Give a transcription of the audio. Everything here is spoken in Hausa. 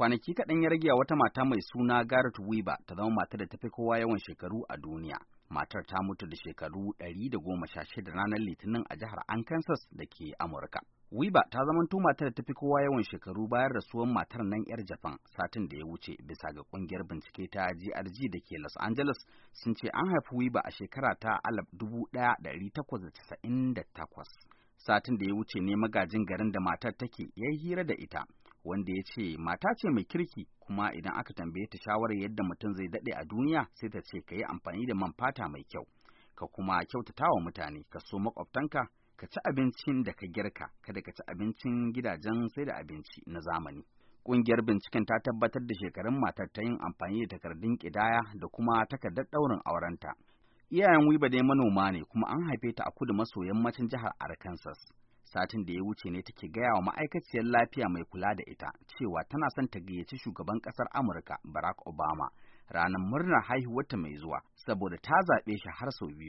Kwanaki kaɗan ya rage wata mata mai suna Garrett Weaver ta zama matar da tafi fi kowa yawan shekaru a duniya. Matar ta mutu da shekaru ɗari da goma 116 ranar Litinin a jihar Arkansas da ke Amurka. Weaver ta zamanto matar da ta kowa yawan shekaru bayan rasuwan matar nan 'yar Japan satin da ya wuce bisa ga ƙungiyar bincike ta GRG da ke Los Angeles sun ce an haifi Weaver a shekara ta ɗaya ɗari da da casa'in takwas. Satin da ya wuce ne magajin garin da matar take ya yi hira da ita. wanda ya ce mata ce mai kirki kuma idan aka tambaye ta shawarar yadda mutum zai daɗe a duniya sai ta ce ka yi amfani da man fata mai kyau ka kuma kyautata wa mutane ka so makwabtanka ka ci abincin da ka girka kada ka ci abincin gidajen sai da abinci na zamani Ƙungiyar binciken ta tabbatar da shekarun matar ta yin amfani da takardun ƙidaya da kuma takardar ɗaurin aurenta. Iyayen Wiba dai manoma ne kuma an haife ta a kudu maso yammacin jihar Arkansas. satin da ya wuce ne take gaya wa ma'aikaciyar lafiya mai kula da ita cewa tana son ta gayyaci shugaban ƙasar Amurka Barack Obama ranar murnar haihuwarta mai zuwa saboda ta zaɓe shi har sau biyu